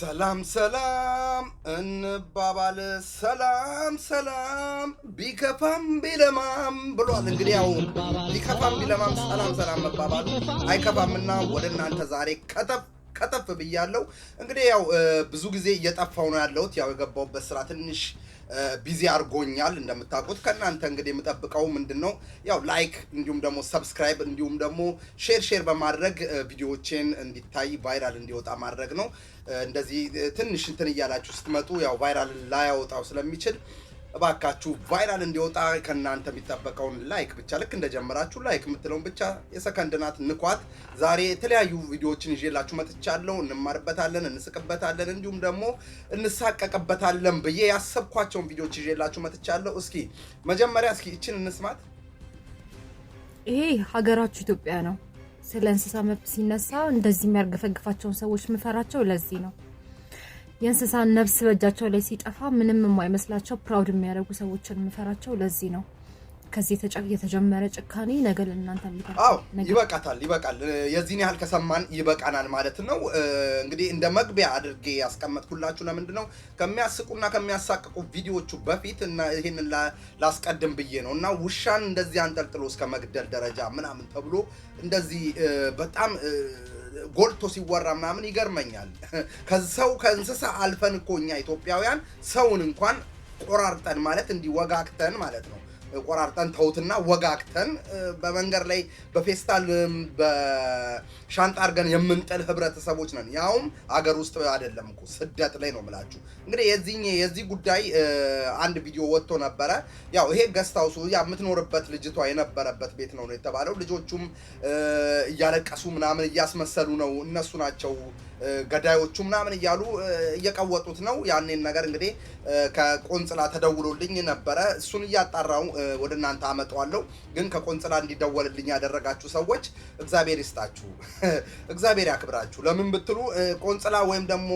ሰላም ሰላም እንባባል ሰላም ሰላም ቢከፋም ቢለማም ብሏል። እንግዲህ ያው ቢከፋም ቢለማም ሰላም ሰላም መባባሉ አይከፋምና ወደ እናንተ ዛሬ ከተፍ ከተፍ ብያለው። እንግዲህ ያው ብዙ ጊዜ እየጠፋው ነው ያለሁት። ያው የገባሁበት ስራ ትንሽ ቢዚ አድርጎኛል። እንደምታውቁት ከእናንተ እንግዲህ የምጠብቀው ምንድን ነው ያው ላይክ፣ እንዲሁም ደግሞ ሰብስክራይብ፣ እንዲሁም ደግሞ ሼር ሼር በማድረግ ቪዲዮዎቼን እንዲታይ ቫይራል እንዲወጣ ማድረግ ነው። እንደዚህ ትንሽ እንትን እያላችሁ ስትመጡ ያው ቫይራል ላያወጣው ስለሚችል እባካችሁ ቫይራል እንዲወጣ ከእናንተ የሚጠበቀውን ላይክ ብቻ ልክ እንደጀመራችሁ ላይክ የምትለውን ብቻ የሰከንድ ናት ንኳት። ዛሬ የተለያዩ ቪዲዮዎችን ይዤላችሁ መጥቻለሁ። እንማርበታለን፣ እንስቅበታለን፣ እንዲሁም ደግሞ እንሳቀቅበታለን ብዬ ያሰብኳቸውን ቪዲዮዎች ይዤላችሁ መጥቻለሁ። እስኪ መጀመሪያ እስኪ እችን እንስማት። ይሄ ሀገራችሁ ኢትዮጵያ ነው። ስለ እንስሳ መብት ሲነሳ እንደዚህ የሚያርገፈግፋቸውን ሰዎች ምፈራቸው ለዚህ ነው። የእንስሳን ነፍስ በእጃቸው ላይ ሲጠፋ ምንም የማይመስላቸው ፕራውድ የሚያደርጉ ሰዎችን የምፈራቸው ለዚህ ነው። ከዚህ የተጀመረ ጭካኔ ነገ ለእናንተ ይበቃታል። ይበቃል። የዚህን ያህል ከሰማን ይበቃናል ማለት ነው። እንግዲህ እንደ መግቢያ አድርጌ ያስቀመጥኩላችሁ ለምንድን ነው ከሚያስቁና ከሚያሳቅቁ ቪዲዮቹ በፊት እና ይህን ላስቀድም ብዬ ነው እና ውሻን እንደዚህ አንጠልጥሎ እስከ መግደል ደረጃ ምናምን ተብሎ እንደዚህ በጣም ጎልቶ ሲወራ ምናምን ይገርመኛል። ከሰው ከእንስሳ አልፈን እኮ እኛ ኢትዮጵያውያን ሰውን እንኳን ቆራርጠን ማለት እንዲወጋግተን ማለት ነው ቆራርጠን ተውትና ወጋግተን በመንገድ ላይ በፌስታል በሻንጣ አድርገን የምንጥል ህብረተሰቦች ነን። ያውም አገር ውስጥ አይደለም እኮ ስደት ላይ ነው የምላችሁ። እንግዲህ የዚህ የዚህ ጉዳይ አንድ ቪዲዮ ወጥቶ ነበረ። ያው ይሄ ገስታውሱ የምትኖርበት ልጅቷ የነበረበት ቤት ነው ነው የተባለው። ልጆቹም እያለቀሱ ምናምን እያስመሰሉ ነው እነሱ ናቸው ገዳዮቹ ምናምን እያሉ እየቀወጡት ነው። ያንን ነገር እንግዲህ ከቆንጽላ ተደውሎልኝ ነበረ። እሱን እያጣራው ወደ እናንተ አመጣዋለሁ። ግን ከቆንጽላ እንዲደወልልኝ ያደረጋችሁ ሰዎች እግዚአብሔር ይስጣችሁ፣ እግዚአብሔር ያክብራችሁ። ለምን ብትሉ ቆንጽላ ወይም ደግሞ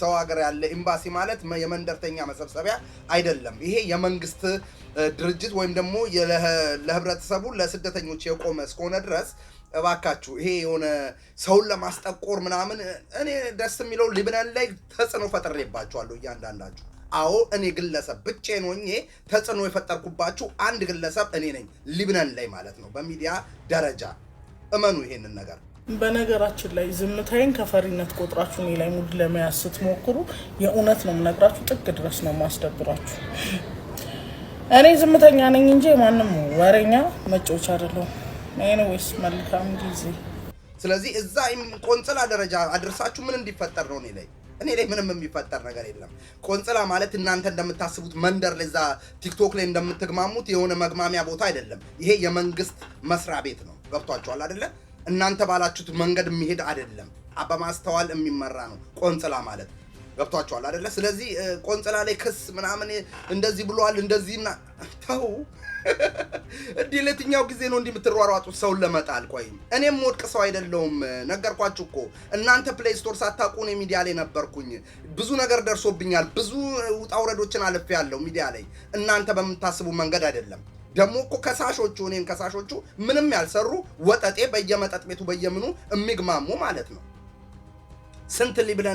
ሰው ሀገር ያለ ኤምባሲ ማለት የመንደርተኛ መሰብሰቢያ አይደለም። ይሄ የመንግስት ድርጅት ወይም ደግሞ ለህብረተሰቡ ለስደተኞች የቆመ እስከሆነ ድረስ እባካችሁ ይሄ የሆነ ሰውን ለማስጠቆር ምናምን እኔ ደስ የሚለው ሊብነን ላይ ተጽዕኖ ፈጥሬባችኋለሁ እያንዳንዳችሁ። አዎ እኔ ግለሰብ ብቻዬን ሆኜ ተጽዕኖ የፈጠርኩባችሁ አንድ ግለሰብ እኔ ነኝ፣ ሊብነን ላይ ማለት ነው፣ በሚዲያ ደረጃ እመኑ ይሄንን ነገር። በነገራችን ላይ ዝምታዬን ከፈሪነት ቆጥራችሁ እኔ ላይ ሙድ ለመያዝ ስትሞክሩ የእውነት ነው የምነግራችሁ፣ ጥግ ድረስ ነው ማስደብራችሁ። እኔ ዝምተኛ ነኝ እንጂ ማንም ወሬኛ መጫወቻ አይደለሁም። ነው መልካም ጊዜ? ስለዚህ እዛ ቆንጽላ ደረጃ አድርሳችሁ ምን እንዲፈጠር ነው? እኔ ላይ እኔ ላይ ምንም የሚፈጠር ነገር የለም። ቆንጽላ ማለት እናንተ እንደምታስቡት መንደር ላይ እዛ ቲክቶክ ላይ እንደምትግማሙት የሆነ መግማሚያ ቦታ አይደለም። ይሄ የመንግስት መስሪያ ቤት ነው። ገብቷችኋል አይደለ? እናንተ ባላችሁት መንገድ የሚሄድ አይደለም። በማስተዋል የሚመራ ነው ቆንጽላ ማለት ገብቷቸዋል አደለ? ስለዚህ ቆንጽላ ላይ ክስ ምናምን እንደዚህ ብሏል እንደዚህና ተው። እንዲህ ለትኛው ጊዜ ነው እንዲህ የምትሯሯጡት ሰውን ለመጣል? ቆይ እኔም ወድቅ ሰው አይደለውም። ነገርኳችሁ እኮ እናንተ ፕሌይ ስቶር ሳታውቁ እኔ ሚዲያ ላይ ነበርኩኝ። ብዙ ነገር ደርሶብኛል። ብዙ ውጣ ውረዶችን ያለው ሚዲያ ላይ እናንተ በምታስቡ መንገድ አይደለም። ደግሞ እኮ ከሳሾቹ እኔን ከሳሾቹ ምንም ያልሰሩ ወጠጤ በየመጠጥ ቤቱ በየምኑ የሚግማሙ ማለት ነው ስንት ሊብ ላይ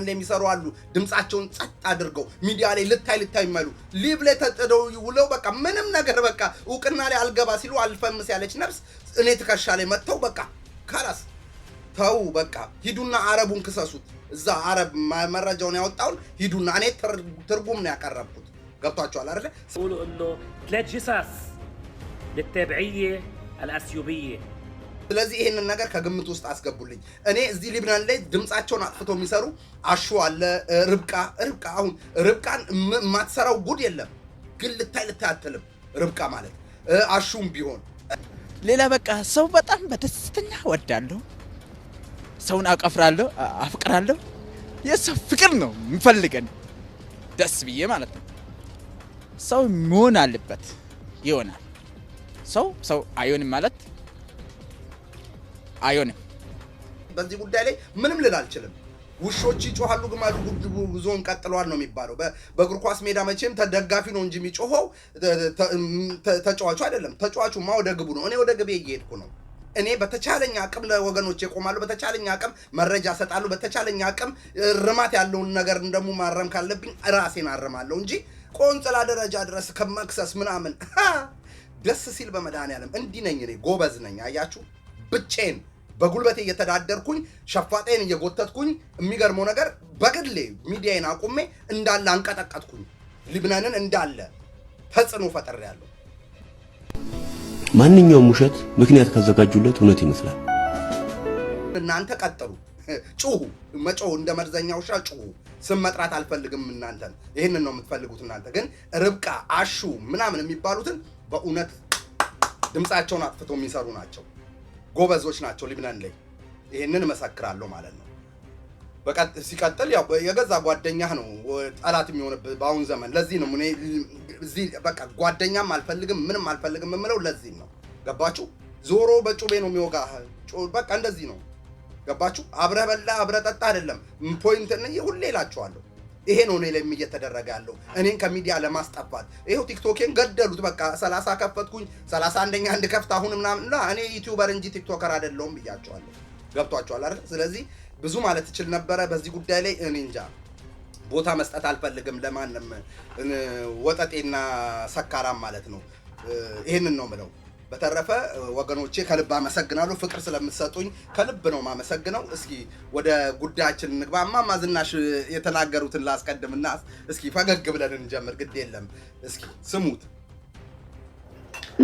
አሉ። ድምፃቸውን ጸጥ አድርገው ሚዲያ ላይ ልታይ ልታይ የማይሉ ሊብ ላይ ተጥደው ውለው በቃ ምንም ነገር በቃ እውቅና ላይ አልገባ ሲሉ አልፈምስ ያለች ነፍስ እኔ ትከሻ ላይ መጥተው በቃ ካላስ ተው በቃ ሂዱና አረቡን ክሰሱት። እዛ አረብ መረጃውን ያወጣውን ሂዱና እኔ ትርጉም ነው ያቀረብኩት። ገብቷቸዋል አይደለ? ሉ እኖ ለጅሳስ ልተብዕየ አልአስዩብየ ስለዚህ ይሄንን ነገር ከግምት ውስጥ አስገቡልኝ። እኔ እዚህ ሊብናን ላይ ድምፃቸውን አጥፍቶ የሚሰሩ አሹ አለ፣ ርብቃ ርብቃ አሁን ርብቃን የማትሰራው ጉድ የለም፣ ግን ልታይ ልታይ አትልም። ርብቃ ማለት አሹም ቢሆን ሌላ በቃ ሰው በጣም በደስተኛ ወዳለሁ፣ ሰውን አቀፍራለሁ፣ አፍቅራለሁ። የሰው ፍቅር ነው የምፈልገን ደስ ብዬ ማለት ነው። ሰው መሆን አለበት ይሆናል። ሰው ሰው አይሆንም ማለት አይሆንም። በዚህ ጉዳይ ላይ ምንም ልል አልችልም። ውሾች ይጮሃሉ፣ ግማዱ ጉድቡ ዞን ቀጥሏል ነው የሚባለው። በእግር ኳስ ሜዳ መቼም ተደጋፊ ነው እንጂ የሚጮኸው ተጫዋቹ አይደለም። ተጫዋቹማ ወደ ግቡ ነው። እኔ ወደ ግቤ እየሄድኩ ነው። እኔ በተቻለኝ አቅም ለወገኖች እቆማለሁ። በተቻለኝ አቅም መረጃ እሰጣለሁ። በተቻለኝ አቅም ርማት ያለውን ነገር እንደሙ ማረም ካለብኝ ራሴን አርማለሁ እንጂ ቆንጽላ ደረጃ ድረስ ከመክሰስ ምናምን ደስ ሲል በመድኃኔዓለም እንዲህ ነኝ እኔ። ጎበዝ ነኝ። አያችሁ ብቼን በጉልበቴ እየተዳደርኩኝ ሸፋጤን እየጎተትኩኝ፣ የሚገርመው ነገር በግሌ ሚዲያን አቁሜ እንዳለ አንቀጠቀጥኩኝ። ሊብነንን እንዳለ ተጽዕኖ ፈጠር ያለው ማንኛውም ውሸት ምክንያት ካዘጋጁለት እውነት ይመስላል። እናንተ ቀጥሉ፣ ጩሁ፣ መጮሁ እንደ መርዘኛ ውሻ ጩሁ። ስም መጥራት አልፈልግም። እናንተ ይህንን ነው የምትፈልጉት። እናንተ ግን ርብቃ፣ አሹ ምናምን የሚባሉትን በእውነት ድምፃቸውን አጥፍቶ የሚሰሩ ናቸው። ጎበዞች ናቸው ሊብነን ላይ ይህንን እመሰክራለሁ ማለት ነው። ሲቀጥል የገዛ ጓደኛህ ነው ጠላት የሚሆንብህ በአሁን ዘመን። ለዚህ ነው እዚህ በቃ ጓደኛም አልፈልግም ምንም አልፈልግም የምለው ለዚህ ነው። ገባችሁ? ዞሮ በጩቤ ነው የሚወጋህ። በቃ እንደዚህ ነው። ገባችሁ? አብረ በላ አብረ ጠጣ አይደለም ፖይንት ሁሌ እላችኋለሁ። ይሄ ነው እኔ ላይም እየተደረገ ያለው እኔን ከሚዲያ ለማስጠፋት። ይሄው ቲክቶኬን ገደሉት። በቃ ሰላሳ ከፈትኩኝ ሰላሳ አንደኛ አንድ ከፍት አሁን ምናምን እና እኔ ዩቲዩበር እንጂ ቲክቶከር አይደለሁም ብያቸዋለሁ። ገብቷቸዋል አይደል? ስለዚህ ብዙ ማለት እችል ነበረ በዚህ ጉዳይ ላይ እኔ እንጃ ቦታ መስጠት አልፈልግም ለማንም ወጠጤና ሰካራም ማለት ነው። ይህንን ነው ምለው። በተረፈ ወገኖቼ ከልብ አመሰግናለሁ። ፍቅር ስለምትሰጡኝ ከልብ ነው ማመሰግነው። እስኪ ወደ ጉዳያችን እንግባ። እማማ ዝናሽ የተናገሩትን ላስቀድምና እስኪ ፈገግ ብለን እንጀምር። ግድ የለም እስኪ ስሙት።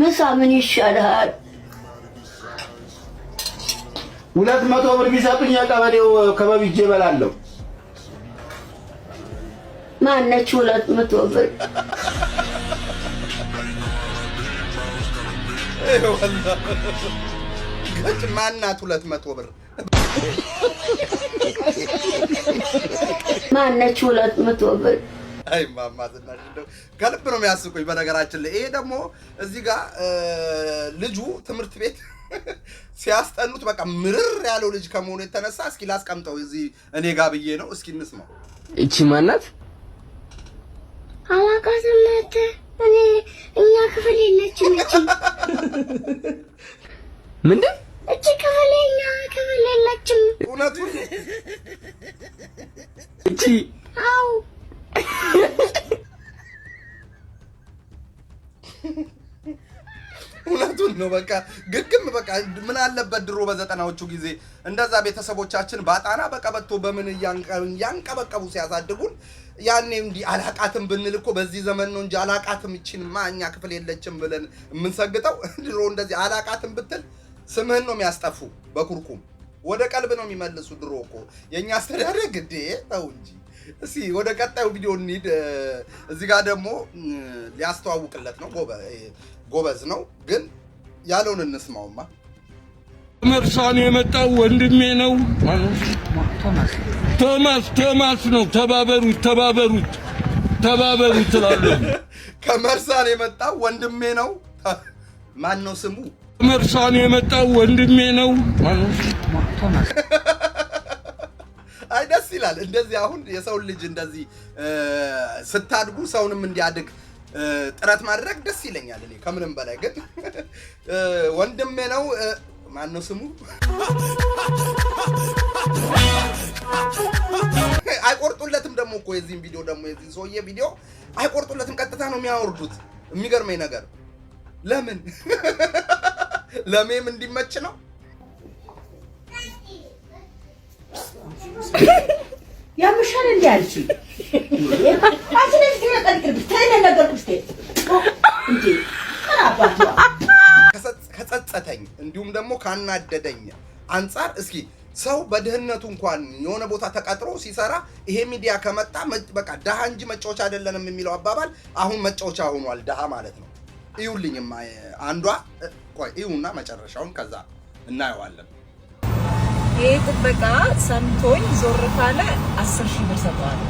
ምሳ ምን ይሻልሃል? ሁለት መቶ ብር ቢሰጡኝ ቀበሌው ከበብጄ እበላለሁ። ማነች ሁለት መቶ ብር ገጭ ማናት ሁለት መቶ ብር ማነች ሁለት መቶ ብር? አይ ማማ ዝናሽ እንደው ከልብ ነው የሚያስቁኝ። በነገራችን ላይ ይሄ ደግሞ እዚህ ጋር ልጁ ትምህርት ቤት ሲያስጠኑት በቃ ምርር ያለው ልጅ ከመሆኑ የተነሳ እስኪ ላስቀምጠው እዚህ እኔ ጋር ብዬ ነው። እስኪ እንስማው። እቺ ማናት አላቃ እኛ ክፍል የለችም። ምንድን እች ክፍል እኛ ክፍል የለችም። እውነቱን እቺ አው እውነቱን ነው። በቃ ግግም በቃ ምን አለበት ድሮ በዘጠናዎቹ ጊዜ እንደዛ ቤተሰቦቻችን በአጣና በቀበቶ በምን እያንቀበቀቡ ሲያሳድጉን ያኔ እንዲህ አላቃትም ብንል እኮ በዚህ ዘመን ነው እንጂ አላቃትም ይችን ማኛ ክፍል የለችም ብለን የምንሰግጠው። ድሮ እንደዚህ አላቃትም ብትል ስምህን ነው የሚያስጠፉ፣ በኩርኩም ወደ ቀልብ ነው የሚመልሱ። ድሮ እኮ የእኛ አስተዳደግ እንዴ! ተው እንጂ እስኪ ወደ ቀጣዩ ቪዲዮ እንሂድ። እዚህ ጋር ደግሞ ሊያስተዋውቅለት ነው። ጎበዝ ነው ግን ያለውን እንስማውማ መርሳ የመጣው። ወንድሜ ነው ቶማስ ቶማስ ነው። ተባበሩት ተባበሩት ተባበሩት እላለሁ። ከመርሳን የመጣው። ወንድሜ ነው ማን ነው ስሙ? መርሳ የመጣው። ወንድሜ ነው አይ ደስ ይላል። እንደዚህ አሁን የሰውን ልጅ እንደዚህ ስታድጉ ሰውንም እንዲያድግ ጥረት ማድረግ ደስ ይለኛል። እኔ ከምንም በላይ ግን ወንድሜ ነው ነው ስሙ? አይቆርጡለትም ደግሞ እኮ የዚህን ቪዲዮ ደግሞ የዚህን ሰውዬ ቪዲዮ አይቆርጡለትም። ቀጥታ ነው የሚያወርዱት። የሚገርመኝ ነገር ለምን ለሜም እንዲመች ነው። ያምሻል እንዴ አንቺ አንቺ ነገር እንዲሁም ደግሞ ካናደደኝ አንጻር እስኪ ሰው በድህነቱ እንኳን የሆነ ቦታ ተቀጥሮ ሲሰራ ይሄ ሚዲያ ከመጣ በቃ ድሃ እንጂ መጫወቻ አይደለንም የሚለው አባባል አሁን መጫወቻ ሆኗል። ድሃ ማለት ነው። እዩልኝም አንዷ ቆይ እዩና መጨረሻውን ከዛ እናየዋለን። ይሄ ጥበቃ ሰምቶኝ ዞር ካለ አስር ሺህ ብር ሰጠዋል።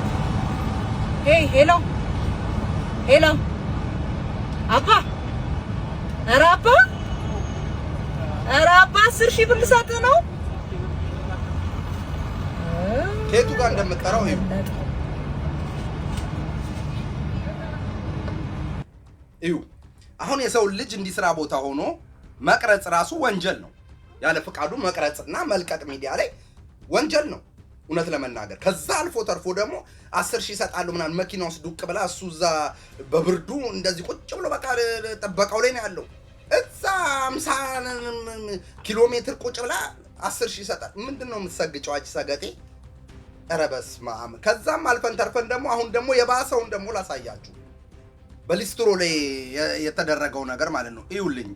ሄይ ሄሎ ሄሎ አፓ ኧረ አፓ ኧረ አባ አስር ሺህ ብር ልሰጥህ ነው። ከየቱ ጋር እንደምትጠራው እዩ። አሁን የሰው ልጅ እንዲህ ስራ ቦታ ሆኖ መቅረጽ ራሱ ወንጀል ነው። ያለ ፍቃዱ መቅረጽና መልቀቅ ሚዲያ ላይ ወንጀል ነው። እውነት ለመናገር ከዛ አልፎ ተርፎ ደግሞ አስር ሺህ ይሰጣሉ ምናምን መኪና ውስጥ ዱቅ ብላ እሱ እዛ በብርዱ እንደዚህ ቁጭ ብሎ በቃ ጥበቃው ላይ ነው ያለው። እዛ አምሳ ኪሎ ሜትር ቁጭ ብላ አስር ሺህ ይሰጣል። ምንድን ነው የምትሰግጨው አንቺ ሰገጤ? ኧረ በስመ አብ። ከዛም አልፈን ተርፈን ደግሞ አሁን ደግሞ የባሰውን ደግሞ ላሳያችሁ፣ በሊስትሮ ላይ የተደረገው ነገር ማለት ነው። ይውልኝ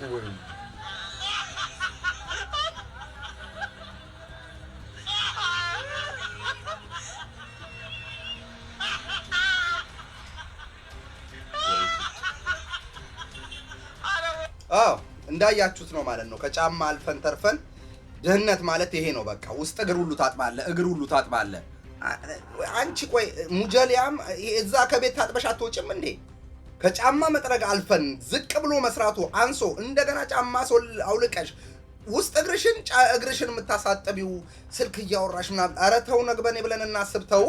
Ой. እንዳያችሁት ነው ማለት ነው። ከጫማ አልፈን ተርፈን ድህነት ማለት ይሄ ነው። በቃ ውስጥ እግር ሁሉ ታጥባለ፣ እግር ሁሉ ታጥባለ። አንቺ ቆይ ሙጀሊያም እዛ ከቤት ታጥበሽ አትወጭም እንዴ? ከጫማ መጥረግ አልፈን ዝቅ ብሎ መስራቱ አንሶ እንደገና ጫማ ሶል አውልቀሽ ውስጥ እግርሽን እግርሽን የምታሳጠቢው ስልክ እያወራሽ ምናምን፣ ኧረ ተው ነግበኔ ብለን እናስብ። ተው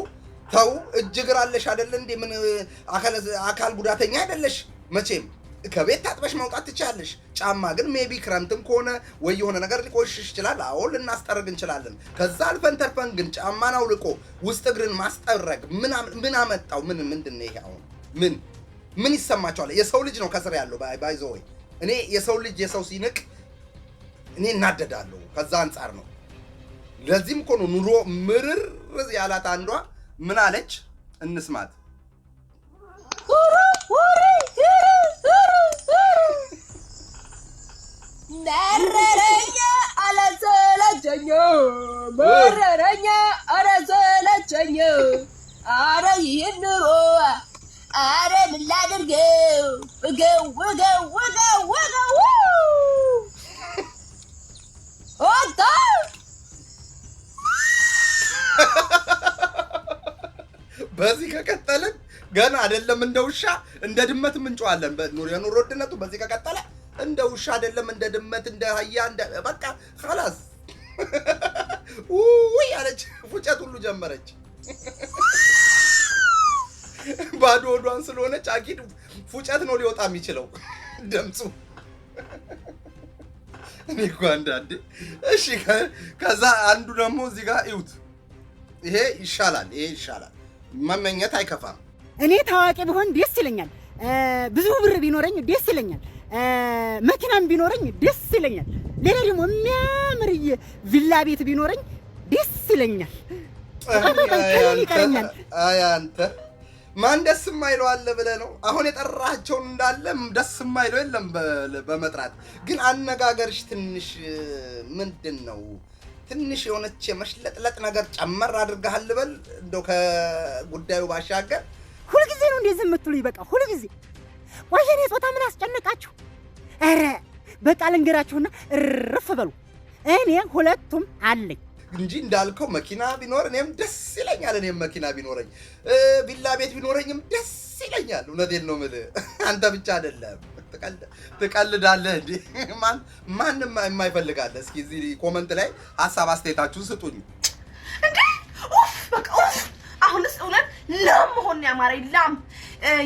ተው፣ እጅ እግር አለሽ አይደለ እንዴ? ምን አካል ጉዳተኛ አይደለሽ መቼም። ከቤት ታጥበሽ መውጣት ትችላለሽ። ጫማ ግን ሜቢ ክረምትም ከሆነ ወይ የሆነ ነገር ሊቆሽሽ ይችላል። አዎ ልናስጠርግ እንችላለን። ከዛ አልፈን ተርፈን ግን ጫማን አውልቆ ውስጥ እግርን ማስጠረግ ምን አመጣው? ምን ምንድን ነው ይሄ አሁን ምን ምን ይሰማቸዋል? የሰው ልጅ ነው ከስር ያለው ባይዞ ወይ እኔ የሰው ልጅ የሰው ሲንቅ እኔ እናደዳለሁ። ከዛ አንጻር ነው። ለዚህም እኮ ነው ኑሮ ምርር ያላት አንዷ ምን አለች? እንስማት። መረረኛ አለሰለቸኝ፣ መረረኛ አለሰለቸኝ፣ አረ ይህን ኑሮ አረ ምን ላድርገው? ወገው ወገው ወገው ወገው ወጣ በዚህ ከቀጠልን ገና አይደለም እንደ ውሻ እንደ ድመት ምንጮዋለን። የኑሮ ውድነቱ በዚህ ከቀጠለ እንደ ውሻ አይደለም እንደ ድመት እንደ አህያ እንደ በቃ ኸላስ ውይ አለች፣ ፉጨት ሁሉ ጀመረች። ባዶ ወዷን ስለሆነች አኪድ ፉጨት ነው ሊወጣ የሚችለው ድምፁ። እኔ እኮ አንዳንዴ እሺ። ከዛ አንዱ ደግሞ እዚህ ጋር እዩት። ይሄ ይሻላል፣ ይሄ ይሻላል። መመኘት አይከፋም። እኔ ታዋቂ ብሆን ደስ ይለኛል። ብዙ ብር ቢኖረኝ ደስ ይለኛል። መኪናም ቢኖረኝ ደስ ይለኛል። ሌላ ደግሞ የሚያምር ቪላ ቤት ቢኖረኝ ደስ ይለኛል። ይቀረኛል። አንተ ማን ደስ የማይለው አለ ብለ ነው? አሁን የጠራቸውን እንዳለ ደስ የማይለው የለም በመጥራት ግን፣ አነጋገርሽ ትንሽ ምንድን ነው ትንሽ የሆነች የመሽለጥለጥ ነገር ጨመር አድርገሃል ልበል? እንደው ከጉዳዩ ባሻገር ሁልጊዜ ነው እንደዚህ የምትሉኝ? ይበቃ ሁልጊዜ ቆይ፣ ጾታ ምን አስጨነቃችሁ? ኧረ በቃ ልንገራችሁና እርፍ በሉ። እኔ ሁለቱም አለኝ እንጂ እንዳልከው መኪና ቢኖር እኔም ደስ ይለኛል። እኔም መኪና ቢኖረኝ ቪላ ቤት ቢኖረኝም ደስ ይለኛል። እውነቴን ነው የምልህ። አንተ ብቻ አይደለም ትቀልዳለህ እንዴ? ማንም የማይፈልጋለ። እስኪ እዚህ ኮመንት ላይ ሀሳብ አስተያየታችሁን ስጡኝ። አሁንስ እውነት ላም መሆን ያማረኝ ላም።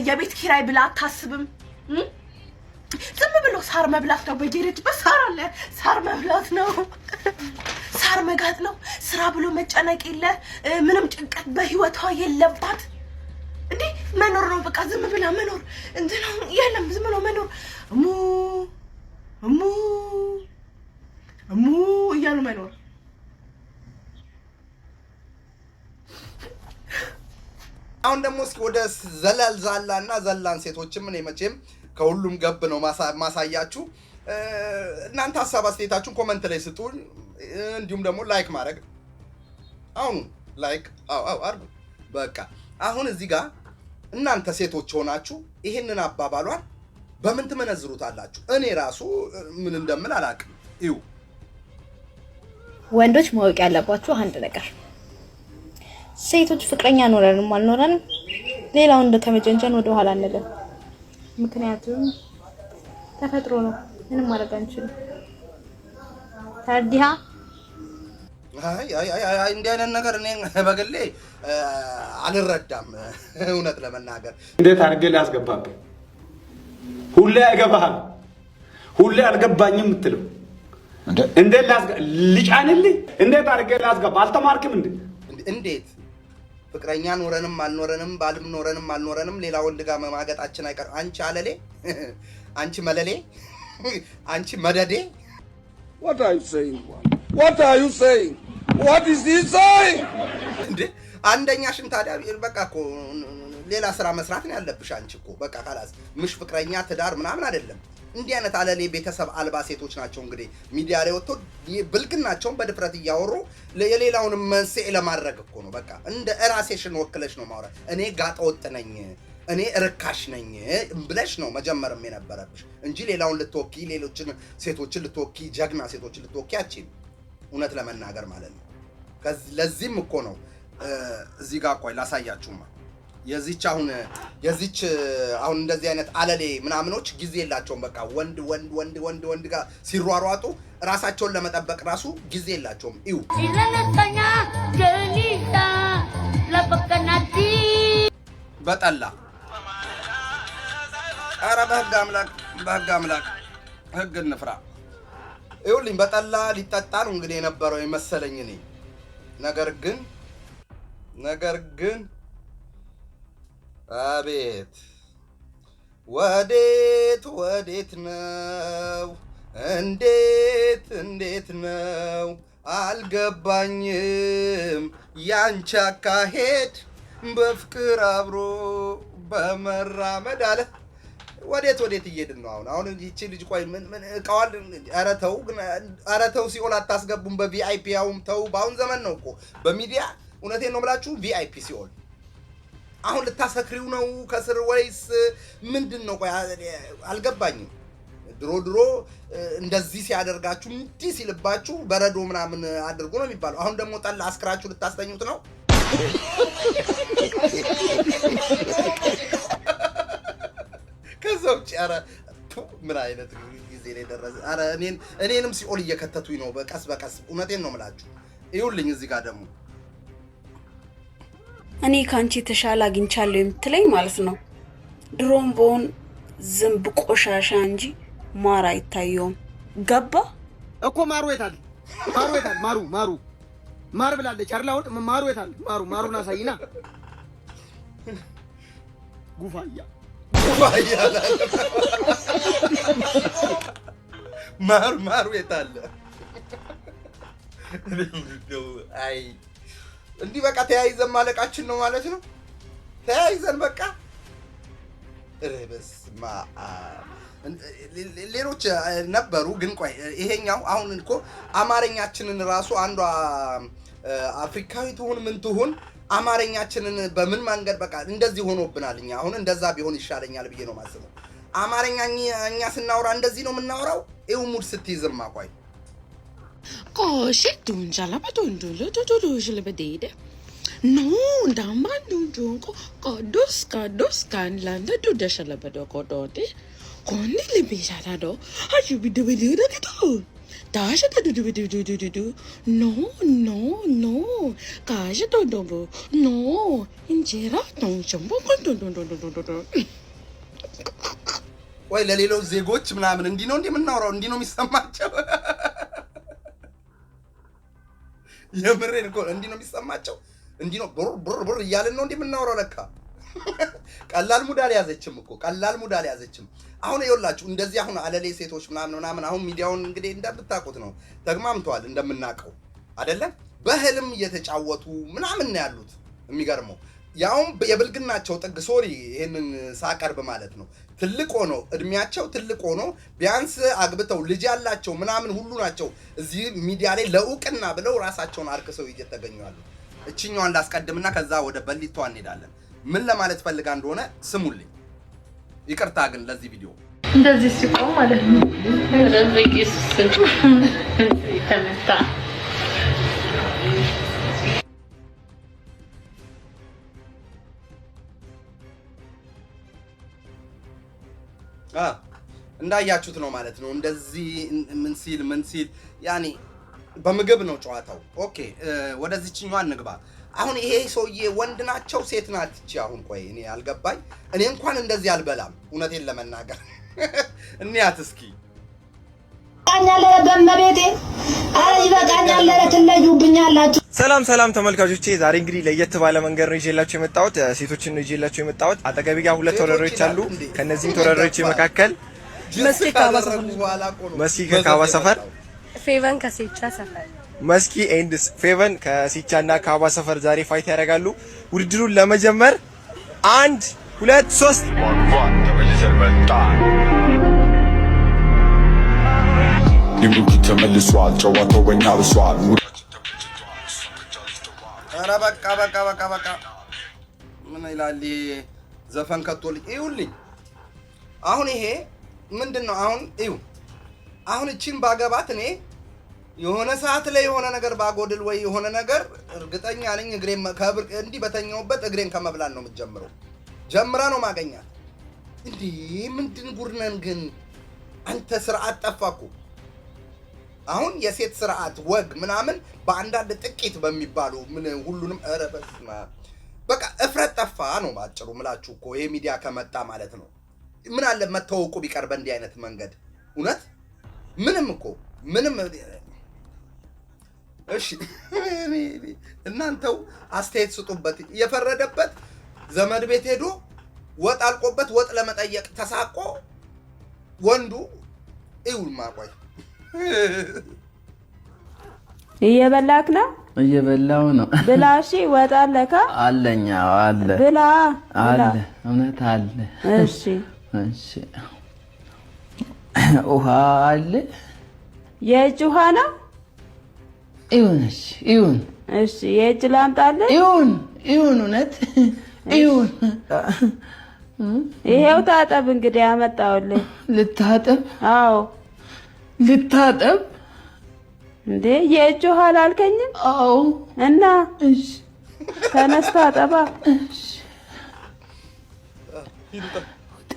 የቤት ኪራይ ብላ አታስብም። ዝም ብሎ ሳር መብላት ነው። በጌሬጅ በሳር አለ ሳር መብላት ነው። ሳር መጋጥ ነው። ስራ ብሎ መጨነቅ የለ ምንም ጭንቀት በህይወቷ የለባት። እንዲህ መኖር ነው በቃ ዝም ብላ መኖር እንትን የለም ዝም ብሎ መኖር ሙ ሙ ሙ እያሉ መኖር አሁን ደግሞ እስኪ ወደ ዘለል ዛላ እና ዘላን ሴቶችም እኔ መቼም ከሁሉም ገብ ነው ማሳያችሁ እናንተ ሀሳብ አስተያየታችሁን ኮመንት ላይ ስጡን። እንዲሁም ደግሞ ላይክ ማድረግ አሁኑ ላይክ አው አው አርጉ። በቃ አሁን እዚህ ጋር እናንተ ሴቶች ሆናችሁ ይህንን አባባሏን በምን ትመነዝሩት አላችሁ? እኔ ራሱ ምን እንደምል አላውቅም። ይሁ ወንዶች ማወቅ ያለባችሁ አንድ ነገር ሴቶች ፍቅረኛ ኖረንም አልኖረን ሌላውን ከመጀንጀን ወደ ኋላ አንልም። ምክንያቱም ተፈጥሮ ነው። ምንም ማድረግ አንችልም። ታዲያ አይ አይ አይ እንዲህ አይነት ነገር እኔ በግሌ አልረዳም። እውነት ለመናገር እንዴት አድርጌ ላያስገባብህ? ሁሌ አይገባህም፣ ሁሌ አልገባኝም የምትለው እንዴት ልጫንልህ? እንዴት አድርጌ ላስገባ? አልተማርክም እንዴ? እንዴት ፍቅረኛ ኖረንም አልኖረንም ባልም ኖረንም አልኖረንም ሌላ ወንድ ጋር መማገጣችን አይቀርም። አንቺ አለሌ፣ አንቺ መለሌ አንቺ መደዴ What are you saying? What are you saying? What is he saying? ታዲያ በቃ እኮ ሌላ ስራ መስራት ነው ያለብሽ። አንቺ እኮ በቃ ካላስ ምሽ ፍቅረኛ ትዳር ምናምን አይደለም። እንዲህ አይነት አለሌ ቤተሰብ አልባ ሴቶች ናቸው እንግዲህ ሚዲያ ላይ ወጥቶ ብልግናቸውን በድፍረት እያወሩ የሌላውን መንስኤ ለማድረግ እኮ ነው። በቃ እንደ ራሴሽን ወክለሽ ነው ማውራት። እኔ ጋጠወጥ ነኝ እኔ ርካሽ ነኝ ብለሽ ነው መጀመርም የነበረብሽ እንጂ ሌላውን ልትወኪ ሌሎችን ሴቶችን ልትወኪ ጀግና ሴቶችን ልትወኪ አችም እውነት ለመናገር ማለት ነው። ለዚህም እኮ ነው እዚህ ጋር ቆይ ላሳያችሁማ። የዚች አሁን የዚች አሁን እንደዚህ አይነት አለሌ ምናምኖች ጊዜ የላቸውም። በቃ ወንድ ወንድ ወንድ ወንድ ወንድ ጋር ሲሯሯጡ ራሳቸውን ለመጠበቅ ራሱ ጊዜ የላቸውም። ይው በጠላ ኧረ በህግ አምላክ በህግ አምላክ ህግ እንፍራ። ይኸውልኝ በጠላ ሊጠጣ ነው እንግዲህ የነበረው የመሰለኝ እኔ። ነገር ግን ነገር ግን አቤት ወዴት ወዴት ነው? እንዴት እንዴት ነው? አልገባኝም ያንቺ አካሄድ በፍቅር አብሮ በመራመድ አለ ወዴት ወዴት እየሄድን ነው? አሁን አሁን ይቺ ልጅ ቆይ ምን ምን እቃዋል? ኧረ ተው ግን ኧረ ተው፣ ሲኦል አታስገቡም በቪአይፒ ያውም ተው። በአሁን ዘመን ነው እኮ በሚዲያ እውነቴ ነው ብላችሁ ቪአይፒ ሲኦል። አሁን ልታሰክሪው ነው ከስር ወይስ ምንድን ነው? ቆይ አልገባኝም። ድሮ ድሮ እንደዚህ ሲያደርጋችሁ እንዲህ ሲልባችሁ በረዶ ምናምን አድርጎ ነው የሚባለው። አሁን ደግሞ ጠላ አስክራችሁ ልታስተኙት ነው። ሰው ኧረ ምን አይነት ጊዜ ላይ ደረሰ? ኧረ እኔንም ሲኦል እየከተቱኝ ነው በቀስ በቀስ። እውነቴን ነው የምላችሁ። ይኸውልኝ እዚህ ጋር ደግሞ እኔ ከአንቺ የተሻለ አግኝቻለሁ የምትለኝ ማለት ነው። ድሮም በሆን ዝንብ ቆሻሻ እንጂ ማር አይታየውም። ገባ እኮ ማሩ የታል? ማሩ የታል? ማሩ ማሩ ማር ብላለች አይደል? አሁን ማሩ የታል? ማሩ ማሩን አሳይና ጉፋያ ማሩ ማሩ የታለ? አይ እንዲህ በቃ ተያይዘን ማለቃችን ነው ማለት ነው። ተያይዘን በቃ በስመ ሌሎች ነበሩ ግን ቆይ ይሄኛው አሁን እኮ አማርኛችንን ራሱ አንዷ አፍሪካዊ ትሁን ምን ትሁን አማርኛችንን በምን መንገድ በቃ እንደዚህ ሆኖብናል። እኛ አሁን እንደዛ ቢሆን ይሻለኛል ብዬ ነው ማስበው። አማርኛ እኛ ስናወራ እንደዚህ ነው የምናወራው። ይው ሙድ ስትይዝም አቋይ ቆሽ ኖ እንዳማንዱንጆንቆ ቆዶስ ካዶስ ከንላንደ ዱደሸለበደ ቆዶዴ ኮኒ ልቤሻታዶ አዩቢደበሌ ደግዶ Даже ኖ ኖ ኖ ጋሽ ዶዶቦ ኖ እንጀራ ቶንሸንቦ ወይ ለሌሎች ዜጎች ምናምን እንዲህ ነው እንዲህ የምናወራው እንዲህ ነው የሚሰማቸው። የምሬን እኮ እንዲህ ነው የሚሰማቸው። እንዲህ ነው ብር ብር ብር እያልን ነው እንዲህ የምናወራው ለካ ቀላል ሙዳል ያዘችም እኮ ቀላል ሙዳል ያዘችም። አሁን ይኸውላችሁ እንደዚህ አሁን አለሌ ሴቶች ምናምን ምናምን አሁን ሚዲያውን እንግዲህ እንደምታውቁት ነው ተግማምተዋል፣ እንደምናውቀው አይደለም። በህልም እየተጫወቱ ምናምን ያሉት። የሚገርመው ያውም የብልግናቸው ጥግ ሶሪ ይህንን ሳቀርብ ማለት ነው። ትልቅ ሆኖ እድሜያቸው ትልቅ ሆኖ ቢያንስ አግብተው ልጅ ያላቸው ምናምን ሁሉ ናቸው እዚህ ሚዲያ ላይ ለእውቅና ብለው ራሳቸውን አርክሰው እየተገኙ ያሉት። እችኛዋን ላስቀድምና ከዛ ወደ በሊቷ እንሄዳለን። ምን ለማለት ፈልጋ እንደሆነ ስሙልኝ። ይቅርታ ግን ለዚህ ቪዲዮ እንደዚህ ሲቆም ማለት ነው እንዳያችሁት ነው ማለት ነው። እንደዚህ ምን ሲል ምን ሲል ያኔ በምግብ ነው ጨዋታው። ኦኬ ወደዚችኛዋ እንግባ። አሁን ይሄ ሰውዬ ወንድ ናቸው ሴት ናት እቺ? አሁን ቆይ እኔ አልገባኝ። እኔ እንኳን እንደዚህ አልበላም፣ እውነቴን ለመናገር እንያት እስኪ ሰላም ሰላም ተመልካቾቼ፣ ዛሬ እንግዲህ ለየት ባለ መንገድ ነው ይዤላችሁ የመጣሁት። ሴቶችን ነው ይዤላችሁ የመጣሁት። አጠገቤ ጋር ሁለት ተወዳዳሪዎች አሉ። ከነዚህም ተወዳዳሪዎች መካከል መስኪ ከካባ ሰፈር፣ ፌቨን ከሴቻ ሰፈር መስኪ ኤንድ ፌቨን ከሲቻና ከአባ ሰፈር ዛሬ ፋይት ያደርጋሉ። ውድድሩን ለመጀመር አንድ ሁለት ሶስት ሊምዱ ተመልሷል። ጨዋታው በእኛ ብሷል። ኧረ በቃ በቃ በቃ በቃ ምን ይላል ይሄ ዘፈን ከቶልኝ ይሁልኝ። አሁን ይሄ ምንድን ነው? አሁን ይሁ አሁን እቺን ባገባት እኔ የሆነ ሰዓት ላይ የሆነ ነገር ባጎድል ወይ የሆነ ነገር እርግጠኛ ነኝ እግሬን ከብር እንዲህ በተኛውበት እግሬን ከመብላን ነው የምትጀምረው። ጀምራ ነው ማገኛት። እንዴ ምንድን ጉርነን ግን አንተ ስርዓት ጠፋኩ። አሁን የሴት ስርዓት ወግ ምናምን በአንዳንድ ጥቂት በሚባሉ ምን ሁሉንም ኧረ በቃ እፍረት ጠፋ ነው ባጭሩ። ምላችሁ እኮ ይሄ ሚዲያ ከመጣ ማለት ነው። ምን አለ መታወቁ ቢቀር በእንዲህ አይነት መንገድ እውነት ምንም እኮ ምንም እሺ እናንተው አስተያየት ስጡበት። የፈረደበት ዘመድ ቤት ሄዶ ወጥ አልቆበት ወጥ ለመጠየቅ ተሳቆ ወንዱ ይውል ማቆይ እየበላክ ነው እየበላው ነው ብላ። እሺ ወጥ አለካ አለኛ አለ ብላ አለ እውነት አለ። እሺ እሺ ውሃ አለ የእጅ ውሃ ነው ይሁንሽ ይሁን። እሺ የእጅ ላምጣልህ። ይሁን ይሁን። እውነት ይሁን። ይሄው ታጠብ። እንግዲህ አመጣሁልህ። ልታጠብ? አዎ ልታጠብ። እንዴ የእጅ ውሃ አላልከኝም? አዎ። እና እሺ ተነስ ታጠባ። እሺ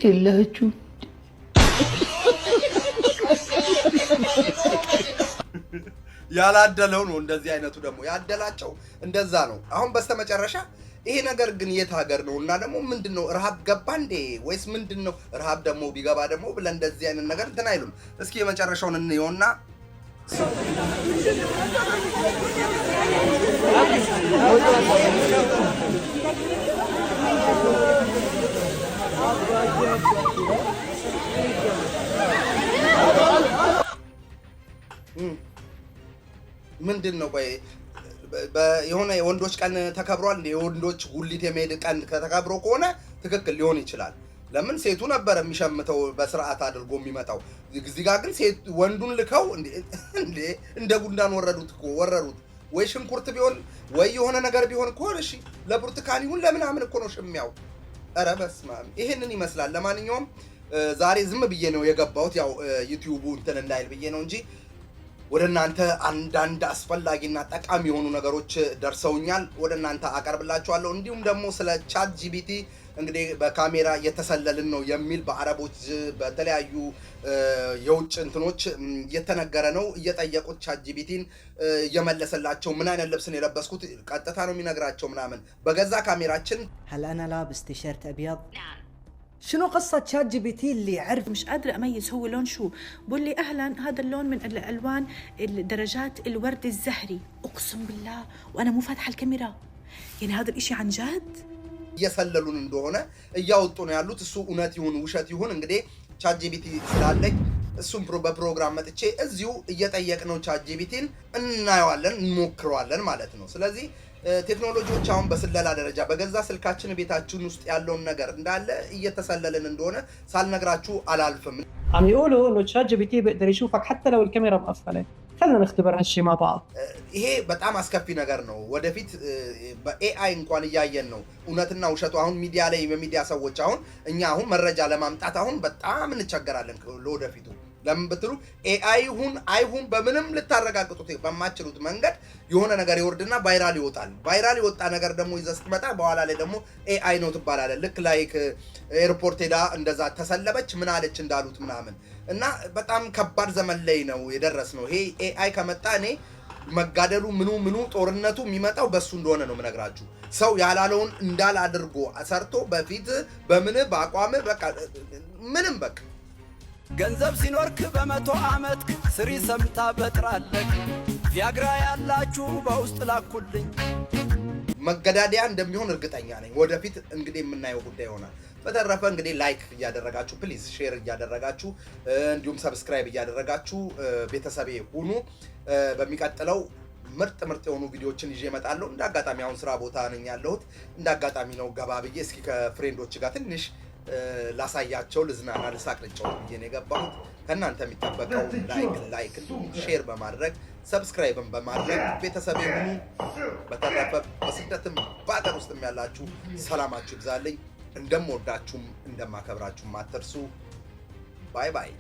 ጤለህቹ ያላደለው ነው። እንደዚህ አይነቱ ደግሞ ያደላቸው እንደዛ ነው። አሁን በስተመጨረሻ ይሄ ነገር ግን የት ሀገር ነው እና ደግሞ ምንድን ነው ረሃብ ገባ እንዴ ወይስ ምንድን ነው? ረሃብ ደግሞ ቢገባ ደግሞ ብለን እንደዚህ አይነት ነገር እንትን አይሉም። እስኪ የመጨረሻውን እንየውና ምንድን ነው? ቆይ የሆነ የወንዶች ቀን ተከብሯል። የወንዶች ጉሊት የመሄድ ቀን ከተከብሮ ከሆነ ትክክል ሊሆን ይችላል። ለምን ሴቱ ነበር የሚሸምተው በስርዓት አድርጎ የሚመጣው። እዚህ ጋር ግን ወንዱን ልከው እንደ ጉንዳን ወረዱት እኮ ወረሩት። ወይ ሽንኩርት ቢሆን ወይ የሆነ ነገር ቢሆን እኮ እሺ፣ ለብርቱካን ይሁን ለምናምን እኮ ነው ሽሚያው። ኧረ በስመ አብ! ይመስላል። ለማንኛውም ዛሬ ዝም ብዬ ነው የገባሁት፣ ያው ዩቲዩቡ እንትን እንዳይል ብዬ ነው እንጂ ወደ እናንተ አንዳንድ አስፈላጊና ጠቃሚ የሆኑ ነገሮች ደርሰውኛል፣ ወደ እናንተ አቀርብላችኋለሁ። እንዲሁም ደግሞ ስለ ቻት ጂቢቲ እንግዲህ በካሜራ የተሰለልን ነው የሚል በአረቦች በተለያዩ የውጭ እንትኖች እየተነገረ ነው። እየጠየቁት ቻት ጂቢቲን እየመለሰላቸው ምን አይነት ልብስን የለበስኩት ቀጥታ ነው የሚነግራቸው ምናምን በገዛ ካሜራችን ሀል ላብስ ቲሸርት አብያድ شنو قصة شات جي بي تي اللي عرف مش قادرة أميز هو لون شو بقول لي أهلا هذا اللون من الألوان درجات الورد الزهري أقسم بالله وأنا مو فاتحة الكاميرا يعني هذا الإشي عن جد እየሰለሉን እንደሆነ እያወጡ ነው ያሉት። እሱ እውነት ይሁን ውሸት ይሁን እንግዲህ ቻት ጂቢቲ ስላለኝ እሱም ازيو መጥቼ እዚሁ እየጠየቅነው ቻት ጂቢቲን እናየዋለን፣ እንሞክረዋለን ማለት مالتنو سلازي ቴክኖሎጂዎች አሁን በስለላ ደረጃ በገዛ ስልካችን ቤታችን ውስጥ ያለውን ነገር እንዳለ እየተሰለልን እንደሆነ ሳልነግራችሁ አላልፍም። አም يقولوا انه تشات جي بي حتى لو الكاميرا مقفله خلينا نختبر مع بعض ይሄ በጣም አስከፊ ነገር ነው። ወደፊት በኤአይ እንኳን እያየን ነው እውነትና ውሸቱ። አሁን ሚዲያ ላይ በሚዲያ ሰዎች አሁን እኛ አሁን መረጃ ለማምጣት አሁን በጣም እንቸገራለን ለወደፊቱ ለምን ብትሉ ኤአይ ይሁን አይሁን በምንም ልታረጋግጡት በማችሉት መንገድ የሆነ ነገር ይወርድና ቫይራል ይወጣል። ቫይራል የወጣ ነገር ደግሞ ይዘህ ስትመጣ በኋላ ላይ ደግሞ ኤአይ ነው ትባላለህ። ልክ ላይክ ኤርፖርት ሄዳ እንደዛ ተሰለበች ምን አለች እንዳሉት ምናምን እና በጣም ከባድ ዘመን ላይ ነው የደረስ ነው። ይሄ ኤአይ ከመጣ እኔ መጋደሉ ምኑ ምኑ ጦርነቱ የሚመጣው በሱ እንደሆነ ነው የምነግራችሁ። ሰው ያላለውን እንዳል አድርጎ ሰርቶ በፊት በምን በአቋም በቃ ምንም በቃ ገንዘብ ሲኖርክ በመቶ ዓመትክ ስሪ ሰምታ በጥራለክ ቪያግራ ያላችሁ በውስጥ ላኩልኝ። መገዳደያ እንደሚሆን እርግጠኛ ነኝ። ወደፊት እንግዲህ የምናየው ጉዳይ ይሆናል። በተረፈ እንግዲህ ላይክ እያደረጋችሁ ፕሊዝ ሼር እያደረጋችሁ እንዲሁም ሰብስክራይብ እያደረጋችሁ ቤተሰቤ ሁኑ። በሚቀጥለው ምርጥ ምርጥ የሆኑ ቪዲዮዎችን ይዤ እመጣለሁ። እንደ አጋጣሚ አሁን ስራ ቦታ ነኝ ያለሁት። እንደ አጋጣሚ ነው ገባ ብዬ እስኪ ከፍሬንዶች ጋር ትንሽ ላሳያቸው፣ ልዝናና፣ ልሳቅ፣ ልጫወት ብዬ ነው የገባሁት። ከእናንተ የሚጠበቀው ላይክ ላይክ ሼር በማድረግ ሰብስክራይብን በማድረግ ቤተሰብ የሆኑ በተረፈ በስደትም በአገር ውስጥም ያላችሁ ሰላማችሁ ይብዛልኝ። እንደምወዳችሁም እንደማከብራችሁም አትርሱ። ባይ ባይ።